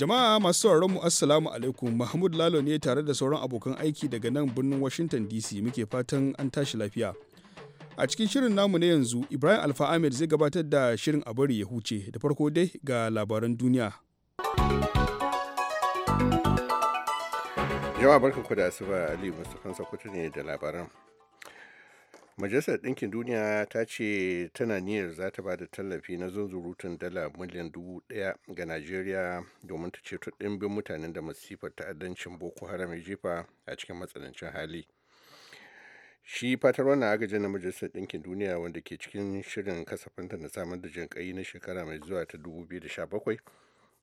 Jama'a masu sauraron mu Assalamu alaikum Mahmud Lalo ne tare da sauran abokan aiki daga nan birnin Washington DC muke fatan an tashi lafiya. A cikin shirin namu na yanzu Ibrahim Alfa Ahmed zai gabatar da shirin a bari ya huce da farko dai ga labaran duniya. Yawa barkanku da asuba Ali Mustapha Sokoto ne da labaran. majalisar ɗinkin duniya ta ce tana niyyar za ta ba da tallafi na zunzurutun dala miliyan dubu ɗaya ga najeriya domin ta ceto ɗimbin mutanen da masifar ta'addancin boko haram jefa a cikin matsanancin hali shi fatar wannan agajin na majalisar ɗinkin duniya wanda ke cikin shirin kasafinta na samar da jinƙai na shekara mai zuwa ta 2017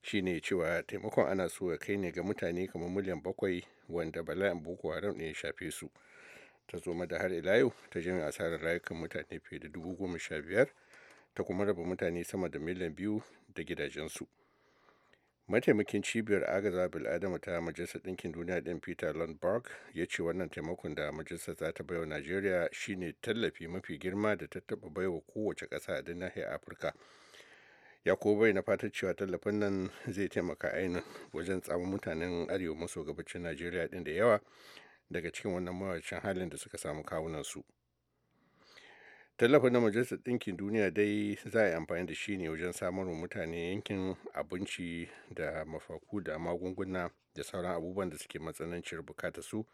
shine cewa taimakon ana so ya kai ne ga mutane kamar miliyan bakwai wanda bala'in boko haram ne ya shafe su ta zo da har ila yau ta jin asarar rayukan mutane fiye da dubu goma sha biyar ta kuma raba mutane sama da miliyan biyu da gidajensu mataimakin cibiyar agaza bil'adama ta majalisar ɗinkin duniya ɗin peter lundberg ya ce wannan taimakon da majalisar za ta baiwa najeriya shine tallafi mafi girma da ta taɓa baiwa kowace ƙasa a nahiyar afirka ya ko bai na fatar cewa tallafin nan zai taimaka ainihin wajen tsamin mutanen arewa maso gabacin najeriya ɗin da yawa daga cikin wannan mawacin halin da suka samu kawunansu tallafin na majalisar ɗinkin duniya dai za a yi amfani da shi ne wajen samar mutane yankin abinci da mafaku da magunguna da sauran abubuwan da suke matsanancin bukata su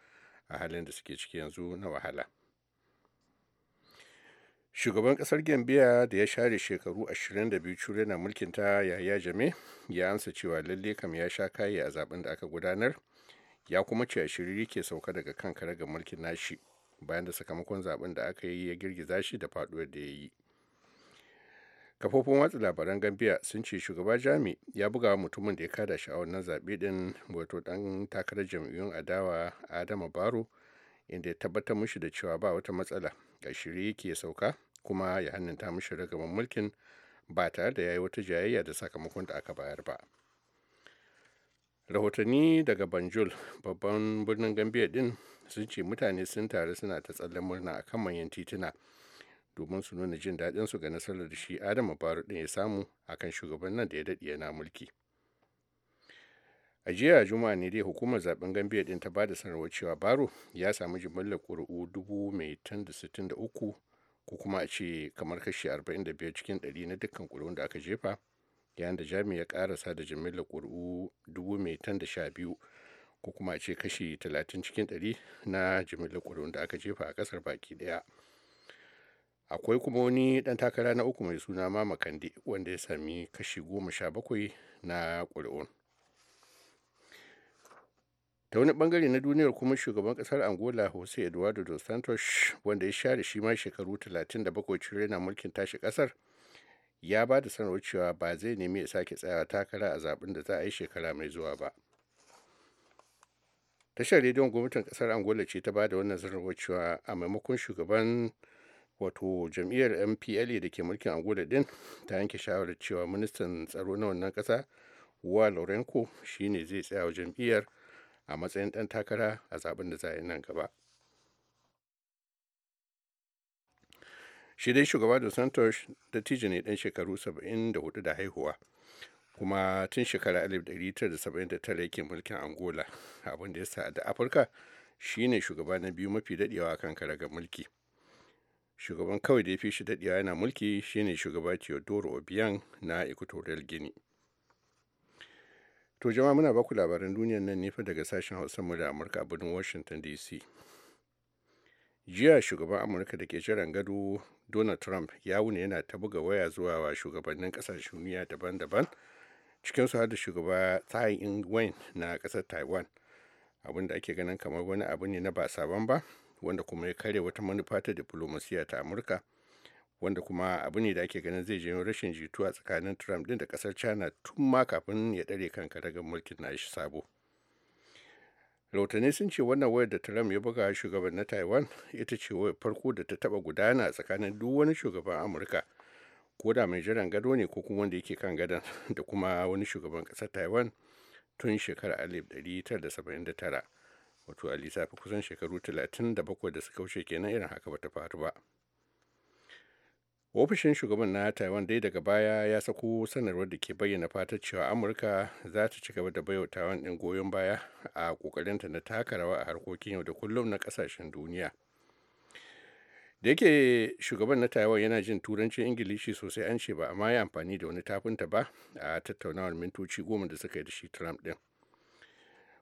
a halin da suke ciki yanzu na wahala shugaban kasar gambiya da ya share shekaru 22 cure na mulkinta yaya jame ya ansa cewa lalle kam ya sha kaye a zaben da aka gudanar ya kuma ce a shiri yake sauka daga kan kare ga mulkin nashi bayan da sakamakon zaben da aka yi ya girgiza shi da faduwar da ya yi kafofin watsa labaran gambia sun ce shugaba jami ya buga wa mutumin da ya kada shi a wannan zaɓe ɗin wato ɗan takarar jam'iyyun adawa adama baro inda ya tabbatar mushi da cewa ba wata matsala ga shiri yake sauka kuma ya hannunta mushi ragaban mulkin ba tare da ya yi wata jayayya da sakamakon da aka bayar ba. rahotanni daga banjul babban birnin gambia din sun ce mutane sun taru suna ta tsallen murna a kan manyan tituna domin su nuna jin daɗin su ga nasarar da shi adama baro din ya samu akan shugaban nan da ya daɗe yana mulki a jiya juma'a ne dai hukumar zaben gambia din ta bada sanarwar cewa baro ya samu jimillar ƙuri'u dubu mai tan da sittin da uku ko kuma a ce kamar kashi arba'in da biyar cikin ɗari na dukkan ƙuri'un da aka jefa yayin da jami ya karasa da jimilla ƙuri'u 1,012 ko kuma a ce kashi talatin cikin 100 na jimilla ƙuri'un da aka jefa a ƙasar baki ɗaya akwai kuma wani ɗan takara na uku mai suna mama kande wanda ya sami kashi goma sha bakwai na ƙuri'un ta wani bangare na duniyar kuma shugaban kasar angola jose eduardo dos santos wanda ya share shi ma shekaru 37 cire na mulkin tashi kasar ya ba da sanarwar cewa ba zai nemi ya sake tsayawa takara a zaben da za a yi shekara mai zuwa ba tashar rediyon gwamnatin kasar angola ce ta ba da wannan sanarwar cewa a maimakon shugaban wato jam'iyyar mpla da ke mulkin angola din ta yanke shawarar cewa ministan tsaro na wannan kasa wa lorenko shine zai tsaya wa jam'iyyar a matsayin dan takara a zaben da za a yi nan gaba shi dai shugaba da santos da ne dan shekaru 74 da haihuwa kuma tun shekara 1979 yake mulkin angola abin da ya sa da afirka shine shugaba na biyu mafi dadewa kan karagar mulki shugaban kawai da ya fi shi dadewa yana mulki shine shugaba teodoro obiyan na equatorial gini. to jama'a muna baku labaran duniyar nan ne daga sashen hausa mu da amurka a birnin washington dc jiya shugaban amurka da ke jiran gado donald trump ya wuni yana ta buga waya zuwa wa shugabannin kasashen duniya daban-daban cikinsu har da shugaba tsai ing na kasar taiwan abinda ake ganin kamar wani abu ne na ba sabon ba wanda kuma ya kare wata manufa ta diplomasiya ta amurka wanda kuma abu ne da ake ganin zai janyo rashin jituwa tsakanin trump din da kasar china tun ma kafin ya dare kan karagar mulkin nashi sabo rahotanni sun ce wannan wayar da trump ya buga shugaban na taiwan ita ce wayar farko da ta taba gudana tsakanin duk wani shugaban amurka ko da mai jiran gado ne ko kuma wanda yake kan gadon da kuma wani shugaban kasar taiwan tun shekarar 1979 wato a fi kusan shekaru 37 da suka wuce kenan irin haka bata faru ba ofishin shugaban na taiwan dai daga baya ya sako sanarwar da ke bayyana fatar cewa amurka za ta ci gaba da baiwa taiwan ɗin goyon baya a ƙoƙarinta na taka rawa a harkokin yau da kullum na kasashen duniya da yake shugaban na taiwan yana jin turancin ingilishi sosai an ce ba amma ya amfani da wani tafinta ba a tattaunawar mintoci goma da suka yi da shi trump ɗin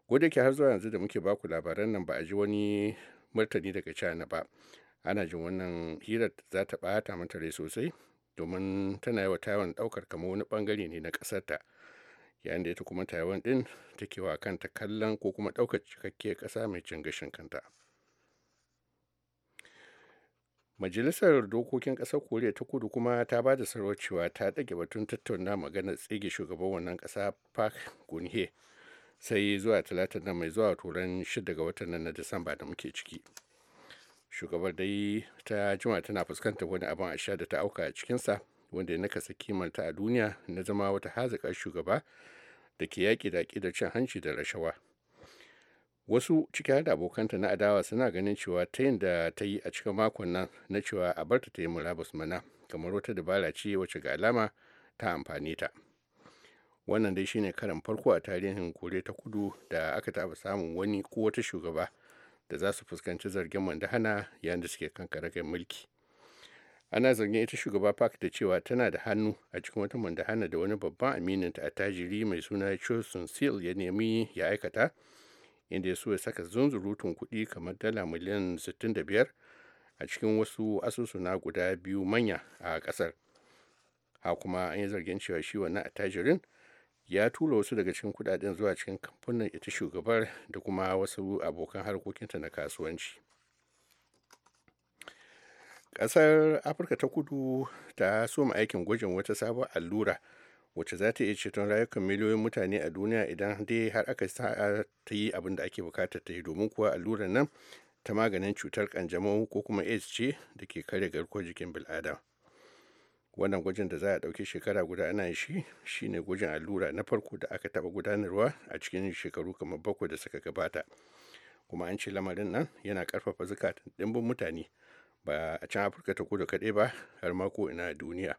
ko da har zuwa yanzu da muke baku labaran nan ba a ji wani martani daga china ba ana jin wannan hirar za ta ɓata mata rai sosai domin tana yi wa taiwan daukar kama wani bangare ne na ta yayin da ita kuma taiwan ɗin take wa kanta kallon ko kuma daukar cikakke kasa mai cin gashin kanta majalisar dokokin ƙasar koriya ta kudu kuma ta ba da cewa ta ɗage batun tattauna maganar tsige shugaban wannan kasa park gunhe sai zuwa talatin nan mai zuwa turan 6 ga watan nan na disamba da muke ciki shugabar dai ta juma tana fuskantar wani abin a sha da ta auka a cikinsa wanda ya nakasa kimanta a duniya na zama wata hazikar shugaba da ke yaƙi da da cin hanci da rashawa wasu ciki da abokanta na adawa suna ganin cewa ta yin da ta yi a cikin makon nan na cewa a barta ta yi murabus mana kamar wata dabara ce wacce ga alama ta amfani ta wannan dai shine karin farko a tarihin kore ta kudu da aka taɓa samun wani ko wata shugaba da za su fuskanci zargin mandahana yayin da suke kan karagar mulki ana zargin ita shugaba park da cewa tana da hannu a cikin wata mandahana da wani babban ta a tajiri mai suna chosun seal ya nemi ya aikata inda ya so ya saka zunzurutun kuɗi kamar dala miliyan 65 a cikin wasu asusuna guda biyu manya a ƙasar ha kuma an yi zargin cewa shi wannan attajirin ya tura wasu daga cikin kudaden zuwa cikin kamfanin ita shugabar da kuma wasu abokan harkokinta na kasuwanci ƙasar afirka ta kudu ta soma aikin gwajin wata sabon allura wacce za ta iya ceton rayukan miliyoyin mutane a duniya idan dai har aka ta yi abin da ake bukatar ta yi domin kuwa allurar nan ta maganin cutar kanjamau ko kuma aids ce da ke kare garkuwar jikin bil'adam wannan gwajin da za a ɗauki shekara guda ana shi shine gwajin allura na farko da aka taɓa gudanarwa a cikin shekaru kamar bakwai da suka gabata kuma an ce lamarin nan yana karfafa zukatan ɗimbin mutane ba a can afirka ta kudu kaɗai ba har ma ko ina duniya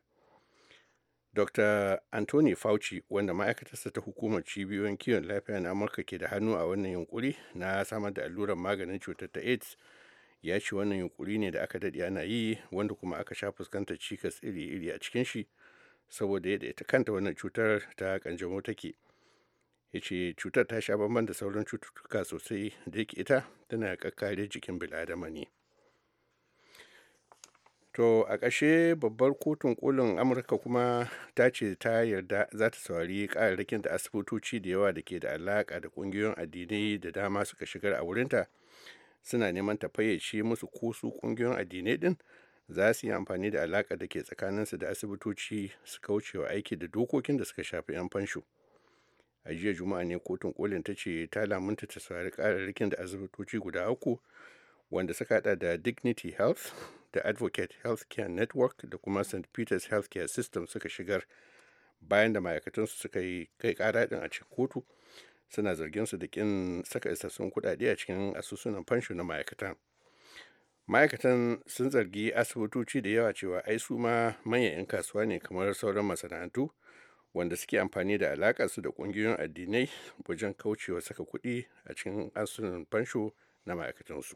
dr anthony fauci wanda ma'aikatarsa ta hukumar cibiyoyin kiwon lafiya na amurka ke da hannu a wannan yunkuri na samar da allurar maganin cutar ta aids ya ce wannan yunkuri ne da aka daɗe ana yi wanda kuma aka sha fuskantar cikas iri-iri a cikin shi saboda yadda ita kanta wannan cutar ta kanjamau take ya ce cutar ta sha bamban da sauran cututtuka sosai da yake ita tana kakkare jikin biladama ne to a ƙashe babbar kotun kolin amurka kuma ta ce ta yarda za ta saurari ƙararrakin da asibitoci da yawa da ke da alaƙa da ƙungiyoyin addinai da dama suka shigar a wurinta suna neman ta fayyace musu ko su kungiyoyin addinai din za su yi amfani da alaƙa da ke tsakaninsu da asibitoci su kaucewa aiki da dokokin da suka shafi 'yan fansho a jiya juma'a ne kotun kolin ta ce ta lamunta ta saurari kararrakin da asibitoci guda uku wanda suka hada da dignity health da advocate healthcare network da kuma st peters healthcare system suka shigar bayan da ma'aikatansu suka yi kai kara din a cikin kotu suna zargin su da kin saka isassun kuɗaɗe a cikin asusunan fansho na ma'aikatan ma'aikatan sun zargi asibitoci da yawa cewa ai su ma manyan 'yan kasuwa ne kamar sauran masana'antu wanda suke amfani da alaƙar su da ƙungiyoyin addinai wajen kaucewa saka kuɗi a cikin asusunan fansho na ma'aikatansu.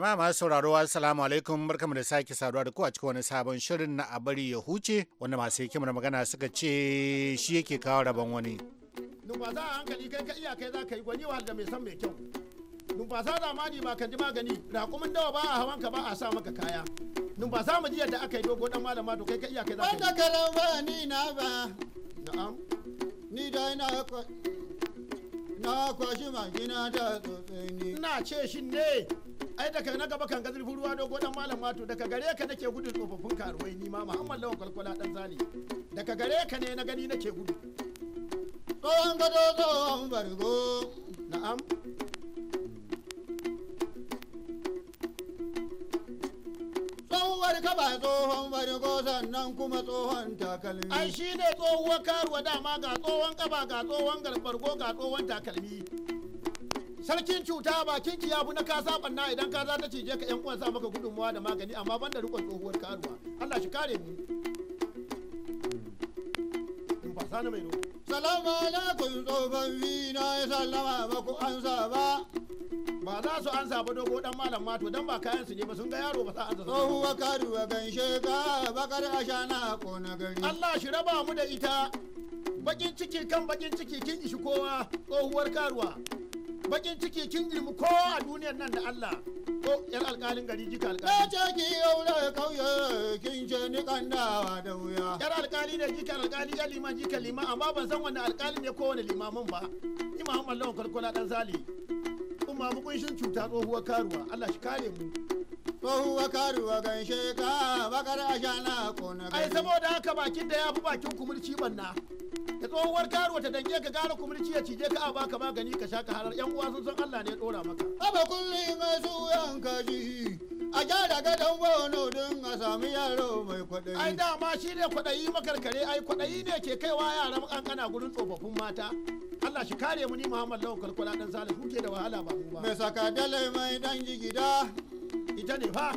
Jama'a masu sauraro assalamu alaikum barkamu da sake saduwa da ku a cikin wani sabon shirin na abari ya huce wanda masu hikimar magana suka ce shi yake kawo rabon wani. Numfasa a hankali kai ka iya kai za ka yi gwani wa da mai san mai kyau. Numfasa zamani ba ka ji magani raƙumin dawa ba a hawan ka ba a sa maka kaya. Numfasa mu ji yadda aka yi dogo dan malama to kai ka iya kai za ka yi. Wanda ka ba ni na ba. Na'am. Ni dai na na kwashi magina da tsotsi ni. Ina ce shi ne. ai daga na gaba kan gazurfin ruwa dogo dan malam mato daga gare ka nake gudun tsofaffin karuwai ni ma muhammad lawan kwalkwala dan zali daga gare ka ne na gani nake gudu tsohon gado tsohon bargo na'am tsohon bargo sannan kuma tsohon takalmi ai shi ne tsohuwar karuwa dama ga tsohon kaba ga tsohon garbargo ga tsohon takalmi sarkin cuta bakin ki ya bu na kasa banna idan za ta cije ka yan uwan sa maka gudunmuwa da magani amma banda rikon tsohuwar karuwa Allah shi kare mu in hmm. ba sana mai salamu alaikum tsofaffi na ya sallama ba ku ansa ba ba za su ansa ba dogo dan malam mato dan ba kayan su ne ba sun ga yaro ba sa ansa tsohuwar karuwa ganshe ka bakar ashana ko na gari Allah shi raba mu da ita bakin ciki kan bakin ciki kin ishi kowa tsohuwar karuwa bakin ciki kin girmi ko a duniyar nan da Allah ko yan alkalin gari jika alkali ce ki yaura kauye kin ce ni kandawa da wuya yar alƙali ne jika alƙali ya liman jika liman amma ban san wani alkali ne ko wani limamin ba Ni Muhammad Allah karkola dan zali kuma mu kunshin cuta tsohuwar karuwa Allah shi kare mu tsohuwar karuwa ganshe ka bakar ashana ko na ai saboda haka bakin da ya fi bakin kumulci banna tsohuwar karuwa ta dange ka gara kumulci ya cije ka a baka magani ka sha ka halar yan uwa sun san Allah ne ya dora maka aba su masuyan kaji a gyara gadon bono din a sami yaro mai kwaɗayi. Ai dama shi ne kwaɗayi makarkare ai kwaɗayi ne ke kaiwa yara kankana gurin tsofaffin mata. Allah shi kare mu ni Muhammad Lawan kalkula dan salihu ke da wahala ba mu ba. Mai saka dalai mai dan gida. Ita ne fa.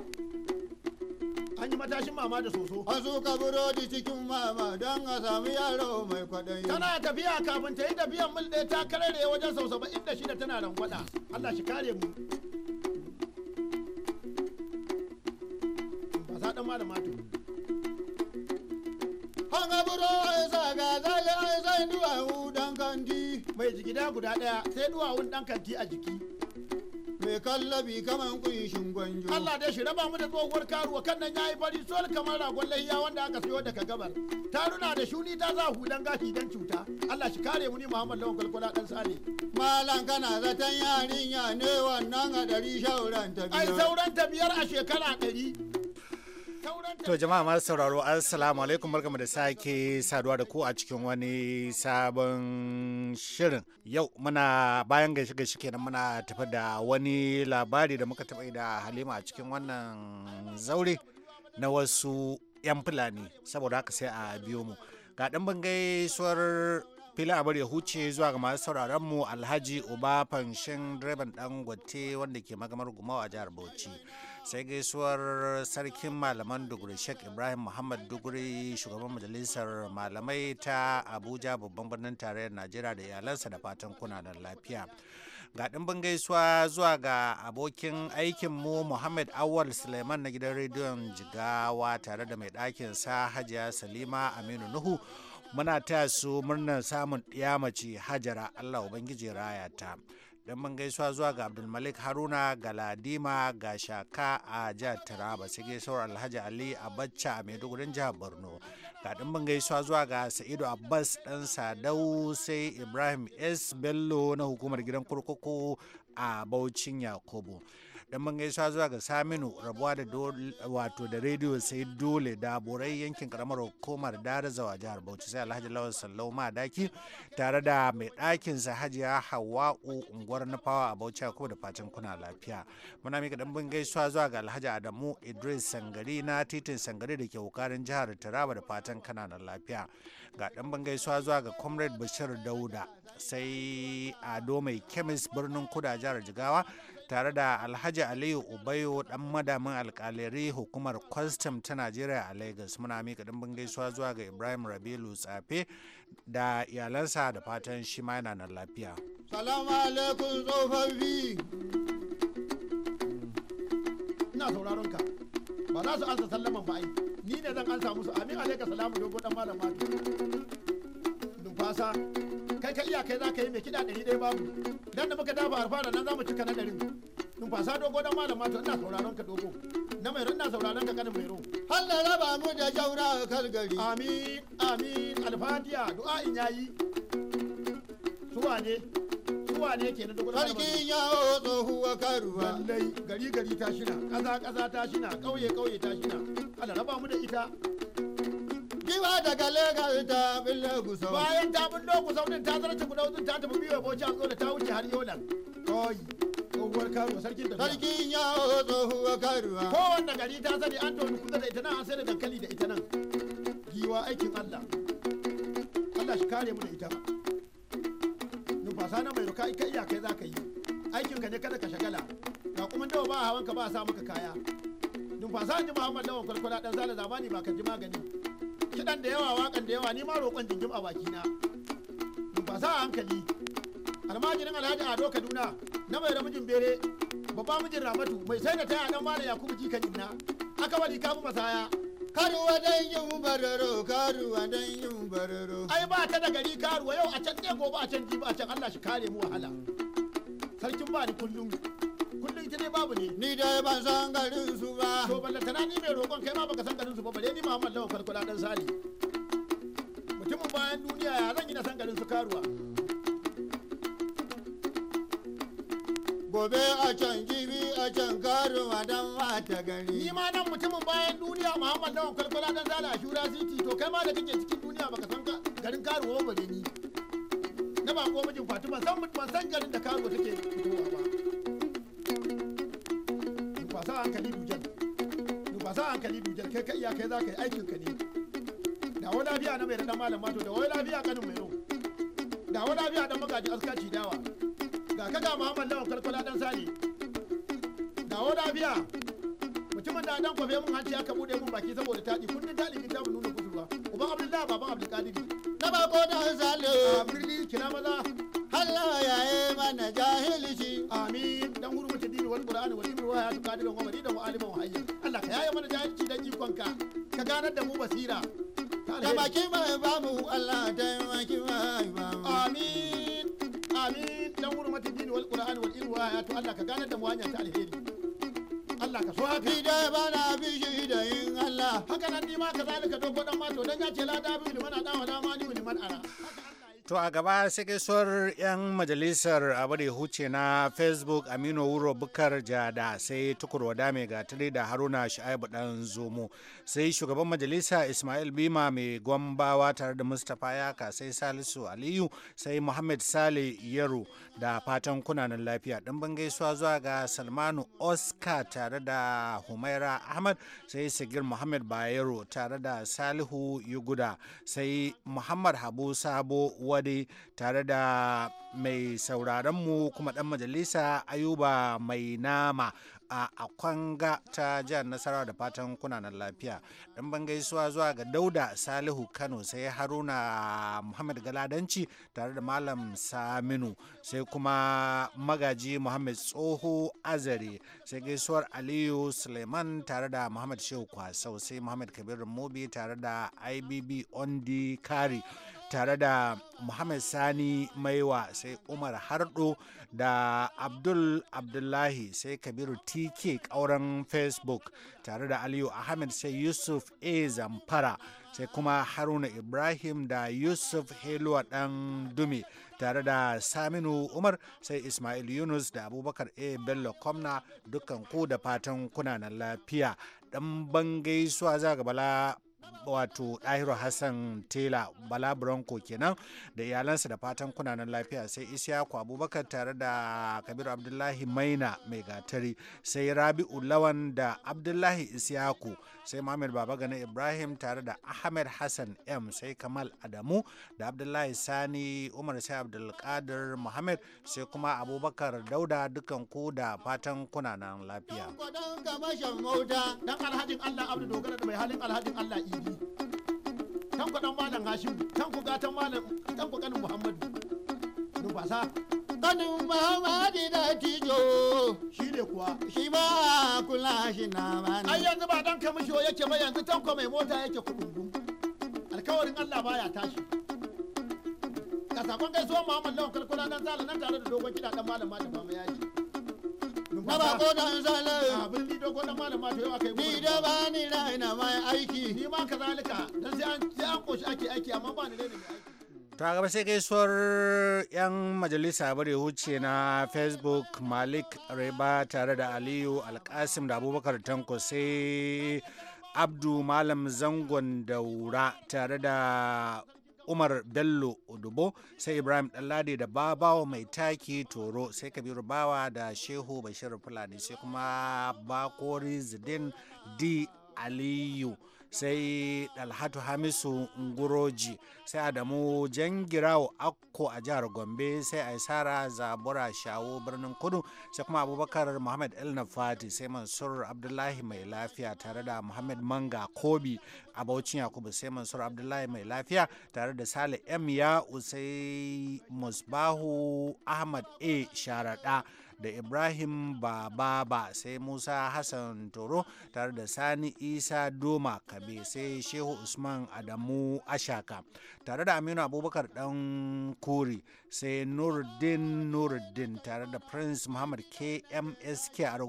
an yi matashin mama da soso. An suka burodi cikin mama don a samu yaro mai kwaɗayi. Tana tafiya kafin ta yi tafiyan mil ɗaya ta karare wajen sau saba'in da shida tana rangwada. Allah shi kare mu. Ba sa ɗan malama to. An ga buro sa ga zali ai sai duwawu dan kanti. Mai jigida guda ɗaya sai duwawun ɗan kanti a jiki. mai kallabi kaman kunshin gwanjo. Allah dai shi raba mu da tsohuwar karuwa kan nan yayi fari sol kamar ragon lahiya wanda aka siyo daga gabar. runa da shuni ta za hudan gashi dan cuta. Allah shi kare mu ni Muhammad Lawan Kwalkwala dan Sale. Malam kana zaton yarinya ne wannan a ɗari shauran ta biyar. Ai sauran ta biyar a shekara ɗari. To jama'a masu sauraro assalamu alaikum barkamu da sake saduwa da ku a cikin wani sabon shirin. Yau muna bayan gaishe gaishe kenan muna tafi da wani labari da muka taɓa da Halima a cikin wannan zaure na wasu 'yan Fulani saboda haka sai a biyo mu. Ga ɗan ban gaisuwar fili abar ya huce zuwa ga masu sauraron mu Alhaji Uba Fanshin direban Dangote wanda ke magamar Gumawa a jihar Bauchi. sai gaisuwar sarkin malaman duguri sheikh ibrahim muhammad duguri shugaban majalisar malamai ta abuja babban birnin tarayyar najeriya da iyalansa da fatan kuna da lafiya ga ɗimbin gaisuwa zuwa ga abokin aikinmu Muhammad Awal Suleiman na gidan rediyon Jigawa tare da mai ɗakin sa Hajiya Salima Aminu Nuhu muna taya su murnar samun mace Hajara Allah Ubangiji rayata ta. ɗimbin gaisuwa zuwa ga abdulmalik haruna ga ladima ga shaka a jihar taraba sai gaisuwar alhaji ali a bacca a maiduguri jihar borno ga ɗimbin gaisuwa zuwa ga sa'idu abbas ɗan sadau sai ibrahim s bello na hukumar gidan kurkuku a Bauchin yakubu Ɗan gaisuwa zuwa ga saminu rabuwa da wato da rediyo sai dole da borai yankin karamar hukumar dare zawa jihar bauchi sai alhaji lawan sallau ma daki tare da mai ɗakin sa hajiya hawa'u unguwar nufawa a bauchi ko da facin kuna lafiya muna mika dan gaisuwa zuwa ga alhaji adamu idris sangari na titin sangari da ke hukarin jihar taraba da fatan kana da lafiya ga dan gaisuwa zuwa ga comrade bashir dauda sai ado mai kemis birnin kuda jihar jigawa tare da alhaji aliyu ubayo dan madamin alkalari hukumar kwastam ta najeriya a lagos muna mika dimbin gaisuwa zuwa ga ibrahim rabilu tsafe da iyalansa da fatan shi ma yana nan lafiya salamu alaikum tsofaffi ina sauraron ka ba za su ansa sallama ba ai ni ne zan ansa musu amin alaika salamu dogo dan malama numfasa kai kai iya kai za ka yi mai kiɗa ɗari ɗaya babu dan da muka dafa harfa nan za mu cika na ɗarin numfasa dogo dan malam mato ina sauraron ka dogo na mai rinna sauraron ka kanin mai ro Allah raba mu da jaura a gari amin amin alfatiya ya yayi suwa ne suwa ne ke na dogo sarkin yawo tsohuwa karuwa lallai gari gari ta shina ƙasa ƙasa ta shina ƙauye ƙauye ta shina Allah raba mu da ita ba daga Lagos ta bulle gusau. Bayan ta bullo gusau din ta zarce guda wajen ta tafi biyu boci a da ta wuce har yolan. Kawai. Tsohuwar karuwa sarkin da Sarkin yawo tsohuwar karuwa. Kowanne gari ta sani an tonu kusa da ita nan an sai da dankali da ita nan. Giwa aikin Allah. Allah shi kare mu da ita. Numfasa na mai ruka ika iyakai za ka yi. Aikin ka ne kada ka shagala. Ga kuma dawa ba hawan ka ba sa maka kaya. Numfasa ji Muhammad Lawan kwalkwala dan zala zamani ba ka ji magani. kiɗan da yawa waƙan da yawa ni ma roƙon jingim a bakina ba sa hankali almajirin alhaji ado kaduna na mai ramijin bere babba mijin ramatu mai sai da taya dan malam yakubu jikan inna aka bari kafu masaya karuwa dan yin bararo karuwa dan yin bararo ai ba ta da gari karuwa yau a can ne gobe a can jibi a can Allah shi kare mu wahala sarkin ba ni kullum ita ne babu ne ni dai ban san garin su ba to ballatana ni mai roƙon kai ma baka san garin su ba bare ni Muhammad Lawan Kwalkwala dan Sali mutumin bayan duniya ya zan yi na san garin su karuwa gobe a can jibi a can karuwa dan mata gari ni ma nan mutumin bayan duniya Muhammad Lawan Kwalkwala dan Sali a Shura City to kai ma da kake cikin duniya baka san garin karuwa ba bare ni na ba ko mijin Fatima san ban san garin da karuwa take fitowa ba hankali dujal hankali kai ka za ka yi aikin ka ne da wani na mai da malam da wani kanin mai da wani dan magaji askaci dawa ga kaga muhammad lawan dan sani da wani mutumin da dan kwafe mun hanci aka bude mun baki saboda taɗi kundin taɗi din tamu nuna kusurwa uban abdullahi baban abdulkadiri na da zalo a kina maza mana jahilci amin dan hurmata dini wal qur'ani wal wa ya wa ganar da mu basira taimaki mai mu Allah taimaki mai mu. amin amin dan hurmati din wal qur'an wal ilm ya to Allah ka ganar da mu hanya ta alheri Allah ka so haka da bana bi shi da yin Allah haka nan ni ma ka zalika dogo dan ma to dan ya ce la da bi liman ana wa da ma ni liman ana To a gaba sai gaisuwar 'yan majalisar abade huce na Facebook Aminu Wuro Bukar Jada sai tukur wada mai gatari da Haruna Shu'aibu dan Zomo sai shugaban majalisa Ismail Bima mai gwambawa tare da Mustapha Yaka sai Salisu Aliyu sai Muhammad Sale Yaro da fatan kunanan lafiya ɗimbin gaisuwa zuwa ga Salmanu Oscar tare da Humaira Ahmad sai Sigir Muhammad Bayero tare da Salihu Yuguda sai Muhammad Habu Sabo Ladi tare da mai sauraronmu kuma ɗan majalisa Ayuba mai nama a kwanga ta jihar Nasarawa da fatan kunanan lafiya. Ɗan ban gaisuwa zuwa ga Dauda Salihu Kano sai Haruna Muhammad Galadanci tare da Malam Saminu sai kuma magaji Muhammad Tsoho Azare sai gaisuwar Aliyu Suleiman tare da Muhammad Shehu Kwasau sai Muhammad Kabiru Mobi tare da IBB Ondi Kari. tare da Muhammad Sani Maiwa sai Umar Hardo da Abdul Abdullahi sai Kabiru TK ƙauren Facebook tare da Aliyu Ahmed sai Yusuf A Zamfara sai kuma Haruna Ibrahim da Yusuf Heluwa ɗan Dumi tare da Saminu Umar sai Ismail Yunus da Abubakar A Bello Komna dukkan ku da fatan kuna na lafiya. dan bangaisuwa za ga bala wato ɗahiru hassan tela bala bronco kenan da iyalansa da fatan kunanan lafiya sai isiyaku abubakar tare da kabiru abdullahi maina mai gatari sai rabi'u lawan da abdullahi isiyaku sai Baba babagana ibrahim tare da ahmed hassan m sai kamal adamu da abdullahi sani umar sai abdulkadir muhammad sai kuma abubakar dauda dukan ku da fatan kunanan lafiya. Idi can ku malam Hashim can ku malam can ku Muhammadu numfasa kanin Muhammadu da tijo shi ne kuwa shi ba kula shi na bani ai yanzu ba dan kamisho yake ba yanzu tanko mai mota yake kudundun alkawarin Allah baya tashi ka sakon gaisuwa Muhammad Lawan kalkula nan zala nan tare da dogon kiɗa dan malam ma Malam Mama yaji na ba ko dan sale abin dido ko dan malama to yau akai ni da ba ni raina mai aiki ni ma kazalika dan sai an sai an koshi ake aiki amma ba ni raina mai aiki ta gaba sai gaisuwar 'yan majalisa bare huce na facebook malik reba tare da aliyu alkasim da abubakar tanko sai abdu malam zangon daura tare da umar bello odubo sai ibrahim Ɗanladi da babawa mai taki toro sai kabiru bawa da shehu bashir fulani sai kuma bakori zidin di aliyu sai dalhatu hamisu nguroji sai adamu jangirawo akko a jihar gombe sai aisara zabura shawo birnin kudu sai kuma abubakar muhammad el nafati sai mansur abdullahi mai lafiya tare da muhammad manga kobi a baucin yakubu sai mansur abdullahi mai lafiya tare da sale m ya usai musbahu ahmad a sharaɗa da ibrahim baba sai musa hassan toro tare da sani isa doma kabe sai shehu usman adamu ashaka tare da aminu abubakar dan kori sai nuruddin nuruddin tare da prince muhammad kmsk a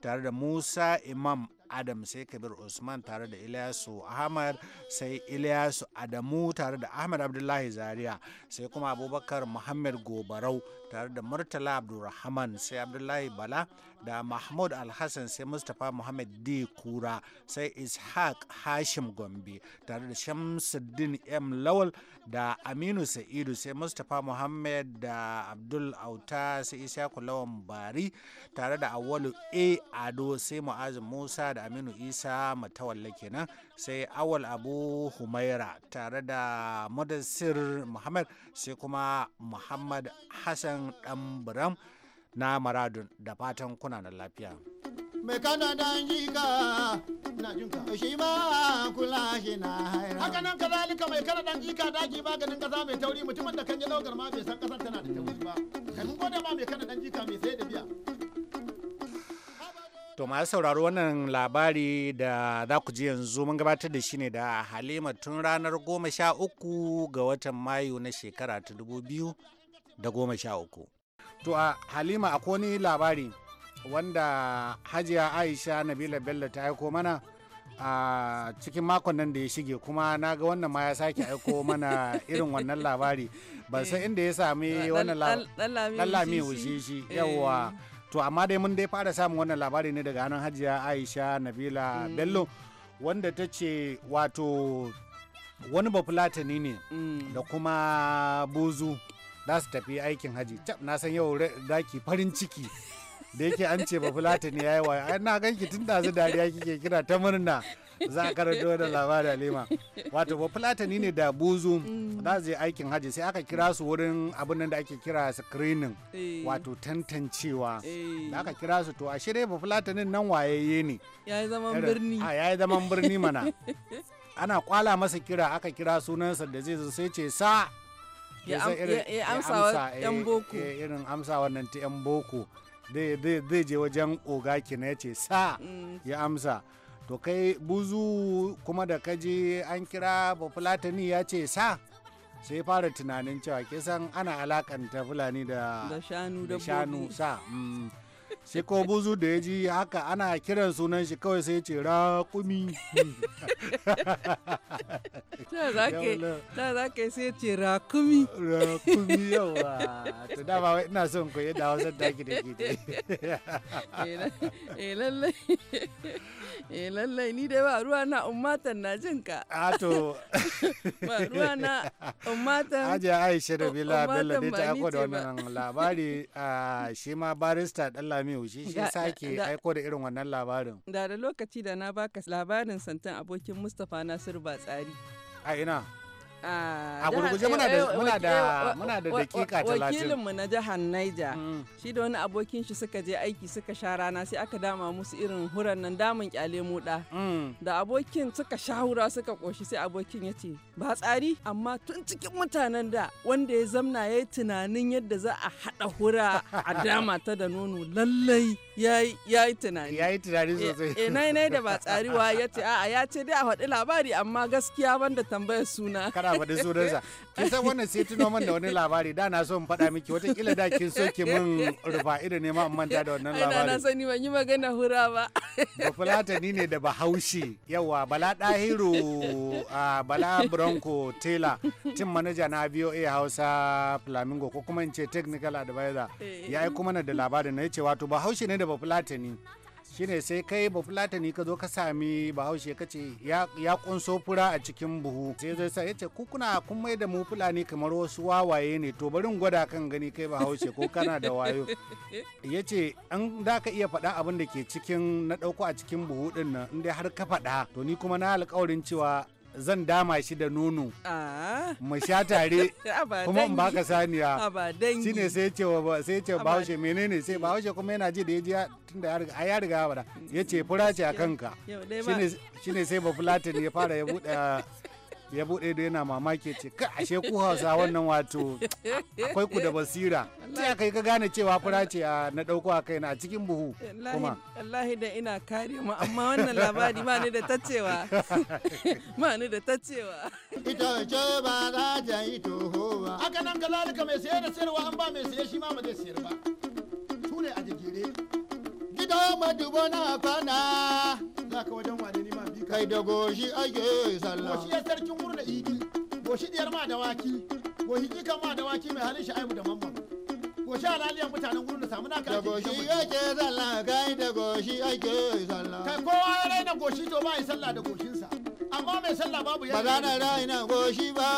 tare da musa imam adam sai kabir usman tare da ilyasu ahmad sai ilyasu adamu tare da ahmad abdullahi zaria sai kuma abubakar muhammad gobarau tare da murtala abdulrahman sai abdullahi bala da mahmud alhassan sai mustapha muhammad d kura sai ishaq hashim gombe tare da shamsuddin m lawal da aminu sa'idu sai mustapha muhammad da abdul auta sai Isaku lawan bari tare da awalu a ado sai mu'azu musa da aminu isa matawalla kenan sai awal abu humaira tare da mudassir muhammad sai kuma muhammad hassan dan na maradun da fatan kuna na lafiya. Mai kana dan jika na jinka shi ma kula shi na haira. Haka nan kazalika mai kana dan jika daji maganin kasa mai tauri mutumin da kan ji laugar ma bai san kasar tana da tauri ba. Kanin gode ma mai kana dan jika mai sai da biya. To masu sauraro wannan labari da za ku ji yanzu mun gabatar da shi ne da Halima tun ranar goma sha uku ga watan Mayu na shekara ta dubu biyu da goma sha uku. to a halima a koni labari wanda hajiya aisha nabila bello ta aiko mana a cikin makon nan da ya shige kuma na ga wannan ma ya sake aiko mana irin wannan labari ban san inda ya sami wannan lallami shi yawa to amma dai mun dai fara samun wannan labari ne daga hannun hajiya aisha nabila mm. bello wanda ta ce wato wani bafulatani ne mm. da kuma buzu za su tafi aikin haji cap na san yau daki farin ciki da yake an ce ba fulata ne yayi wayo ai na ganki tun da dariya kike kira ta murna za a karanto wannan da alima wato ba fulata ne da buzu mm. za su je aikin haji sai aka kira su wurin abin da ake kira screening eh. wato tantancewa eh. da aka kira su to a shirye ba fulata nan wayayye ne yayi zaman birni a yayi zaman birni mana ana kwala masa kira aka kira sunansa da zai zo sai ce sa ya irin amsa wannan ta yan boko zai je wajen oga kina ya ce sa mm. ya amsa to kai buzu kuma da kaji an kira bafulatani ya ce sa sai fara tunanin cewa kisan ana alakanta fulani da shanu sa mm. shi ko buzu da ya ji haka ana kiran sunan shi kawai sai ce raƙumi ta za ka sai ce raƙumi raƙumi yawa ta dama wai ina son ku yadda da taki da gidi eh lallai eh lallai ni dai ba ruwa na ummatan na jin ka a ah, ba ruwa na ummatan hajiya aisha da bila bella dai ta ko da wannan labari ah, shi ma barista dan lami yaushe shi sake aiko da irin wannan labarin da da lokaci da na baka labarin santan abokin mustapha nasiru batsari a ina Ah, a gurguje muna da muna da eh, dakika talatin wakilinmu na jihar Niger mm. shi da wani abokin shi suka je aiki suka sha rana sai aka dama musu irin huran nan damun kyale muda mm. da abokin suka sha hura suka koshi sai abokin ya ce ba tsari amma tun cikin mutanen da wanda ya zamna ya yi tunanin yadda za a haɗa hura a dama ta da nono lallai ya yi tunani ya yi tunani eh, sosai e eh, nai da ba tsariwa ya ce a'a ya ce dai a faɗi labari amma gaskiya banda tambayar suna kana faɗi sunansa kin san wannan sai tuno man da wani labari da na so in faɗa miki kila da kin so ki min rufa irin ne ma in manta da wannan labari na sani ban yi magana hura ba ba ni ne da bahaushe yawa bala dahiru bala bronco taylor tim manaja na voa hausa flamingo ko kuma in ce technical advisor eh. ya yi kuma na da labarin na ya ce wato bahaushe ne da bafulatani shine sai kai bafulatani ka zo ka sami bahaushe ka ce ya kunso fura a cikin buhu sai zai sa ya ce ku kuna kun mai da mu fulani kamar wasu wawaye ne to bari gwada kan gani kai bahaushe ko kana da wayo ya ce an da ka iya faɗa abin da ke cikin na ɗauko a cikin buhu ɗin nan inda har ka faɗa to ni kuma na alkawarin cewa zan dama shi da nono mu sha tare kuma in baka saniya shine sai ce sai ce bahaushe menene sai bahaushe kuma yana ji da yaji tunda ya ya riga ya ce fura ce a kanka shine sai ba fulatin ya fara ya buɗe ya bude da yana mamaki ce ka ashe ku hausa wannan wato akwai ku da basira ta yaka yi ka gane cewa fura ce na dauko a kaina a cikin buhu kuma wallahi da ina kare mu amma wannan labari ma ni da ta cewa ma ni da ta cewa. ita ce ba za ta yi toho ba aka nan lalika mai sayar da sayarwa an ba mai siyar shi ma ba zai sayar ba su a jigire gida madubo na fana za ka wajen kai da goshi ake sallah goshi ya sarkin murna idi goshi diyar ma da waki goshi kikan ma da waki mai halin sha'aibu da mamman goshi alaliyar mutanen gurin da samu naka da goshi ake sallah kai da goshi ake sallah kai kowa ya raina goshi to ba ya sallah da goshinsa amma mai sallah babu ya ba na raina goshi ba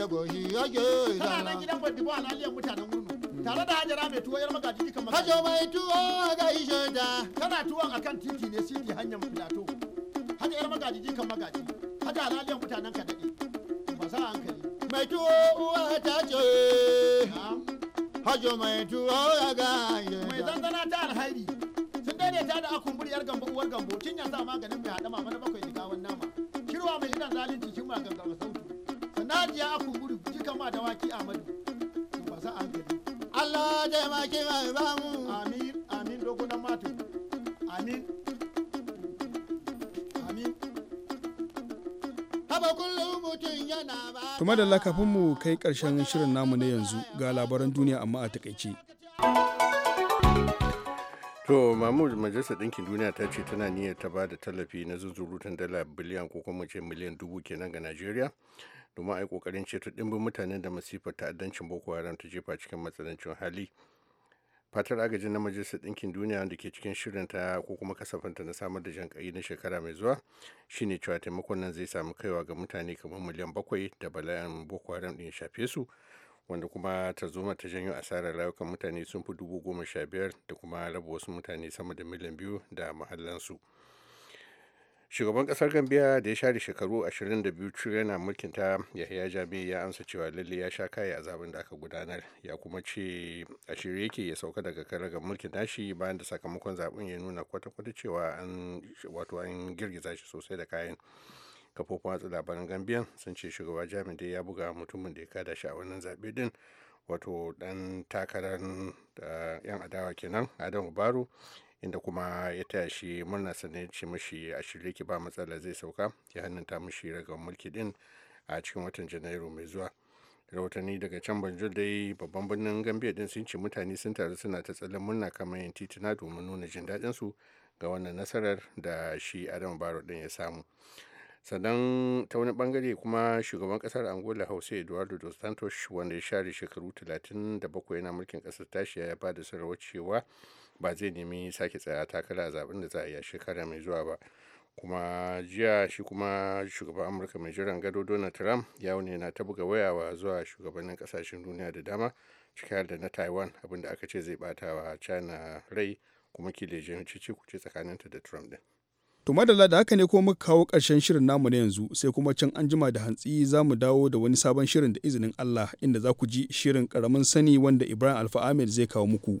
da goshi ake sallah kana nan gidan bandi ba halaliyan mutanen gurin tare da hajara mai tuwo yar magaji kan magaji Hajjo mai tuwo ga ishe da kana tuwon akan titi ne sidi hanyar filato haka yar magaji jikan magaji haka halaliyan mutanen ka daɗe ba za a hankali mai tuwo uwa ta ce hajo mai tuwo ya gaye mai zanzana ta alhairi sun ta da akumburi yar gambo uwar gambo cinya sa maganin mai haɗama mana bakwai da gawan nama Shirwa mai idan zalunci kin magan gaba sautu sanajiya akumburi jikan ma dawaki amadu ba za a hankali Allah taimaki mai mu. Tuma da mu kai karshen shirin namu na yanzu ga labaran duniya amma a takaice. To Mahmud Majalisar Ɗinkin Duniya ta ce tana niyyar ta ba da tallafi na zuzurutun dala biliyan ko kuma ce miliyan dubu kenan ga Najeriya domin a yi ƙoƙarin ceto ɗimbin mutanen da masifar ta'addancin Boko Haram ta jefa cikin matsanancin hali. fatar agajin na majalisar ɗinkin duniya da ke cikin shirinta ko kuma kasafinta na samar da jankayi na shekara mai zuwa shine cewa taimakon nan zai samu kaiwa ga mutane kamar miliyan bakwai da bala'in boko haram ɗin shafe su wanda kuma ta zoma ta janyo asarar rayukan mutane sun fi dubu goma sha biyar da kuma raba wasu mutane sama da miliyan biyu da mahallansu. su shugaban kasar gambia da ya share shekaru 22 yana mulkinta yahaya jami ya amsa cewa lalle ya sha kaya a zaben da aka gudanar ya kuma ce a shirye yake ya sauka daga karagar mulkin tashi bayan da sakamakon zaben ya nuna kwata-kwata cewa an wato an girgiza shi sosai da kayan kafofin watsa labaran gambiyan sun ce shugaba jami da ya buga mutumin da ya kada shi a wannan zaɓe din wato dan takarar eh, yan adawa kenan adam baro inda kuma ya taya shi murna sannan ce mashi a shirye ki ba matsala zai sauka ya hannunta mashi raga mulki din a cikin watan janairu mai zuwa rahotanni daga can banjul dai babban birnin gambia din sun ce mutane sun taru suna ta tsallin murna kamar yin titina domin nuna jin daɗin su ga wannan nasarar da shi adam baro din ya samu sannan ta wani bangare kuma shugaban kasar angola hausa eduardo dos santos wanda ya share shekaru 37 yana mulkin kasar tashi ya ba da sanarwar cewa ba zai nemi sake tsaya takara a zaben da za a yi shekara mai zuwa ba kuma jiya shi kuma shugaban amurka mai jiran gado donald trump ya wuni na ta buga wayawa zuwa shugabannin kasashen duniya da dama ciki da na taiwan abinda aka ce zai bata wa china rai kuma kilejin cici kuce tsakaninta da trump din to madalla da haka ne ko muka kawo karshen shirin namu na yanzu sai kuma can anjima da hantsi za mu dawo da wani sabon shirin da izinin allah inda za ku ji shirin karamin sani wanda ibrahim alfa zai kawo muku